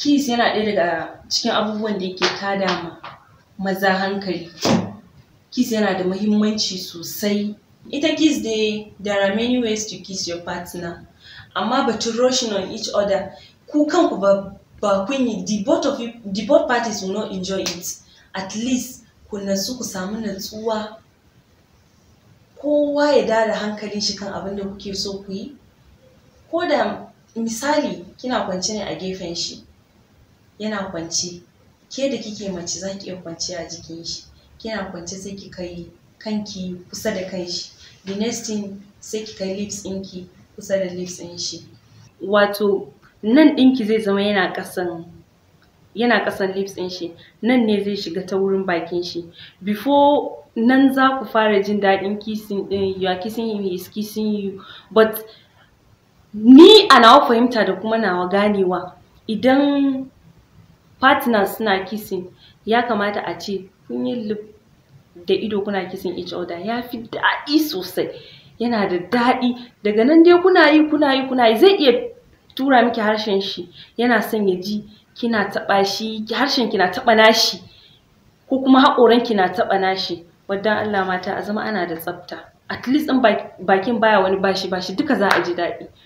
kis yana ɗaya daga cikin abubuwan da yake tada ma maza hankali kis yana da muhimmanci sosai ita kiss dai there are many ways to kiss your partner amma batun rushing on each other ku kanku ba ba kun yi the both of parties will not enjoy it at least ku nasu ku samu natsuwa kowa ya dada hankali shi kan abin da kuke so ku yi ko da misali kina kwance ne a gefen shi yana kwance ke da kike mace za ki iya kwance a jikin shi kina kwance sai ki kai kanki kusa da kan shi the next thing sai ki kai lips ɗinki kusa da lips ɗin shi wato nan ɗinki zai zama yana ƙasan yana ƙasan lips ɗin shi nan ne zai shiga ta wurin bakin shi before nan za ku fara jin daɗin kissing ɗin eh, you are kissing him he is kissing you but ni a nawa fahimta da kuma nawa ganewa idan partners suna kissing ya kamata a ce kun yi lip da ido kuna kissing each other ya fi daɗi sosai yana da daɗi daga nan dai kuna yi kuna yi kuna yi zai iya tura miki harshen shi yana son ya ji kina taɓa shi harshen kina taɓa nashi ko kuma haƙoran kina taɓa nashi waddan Allah mata a zama ana da tsafta at least in bakin baya wani bashi bashi duka za a ji daɗi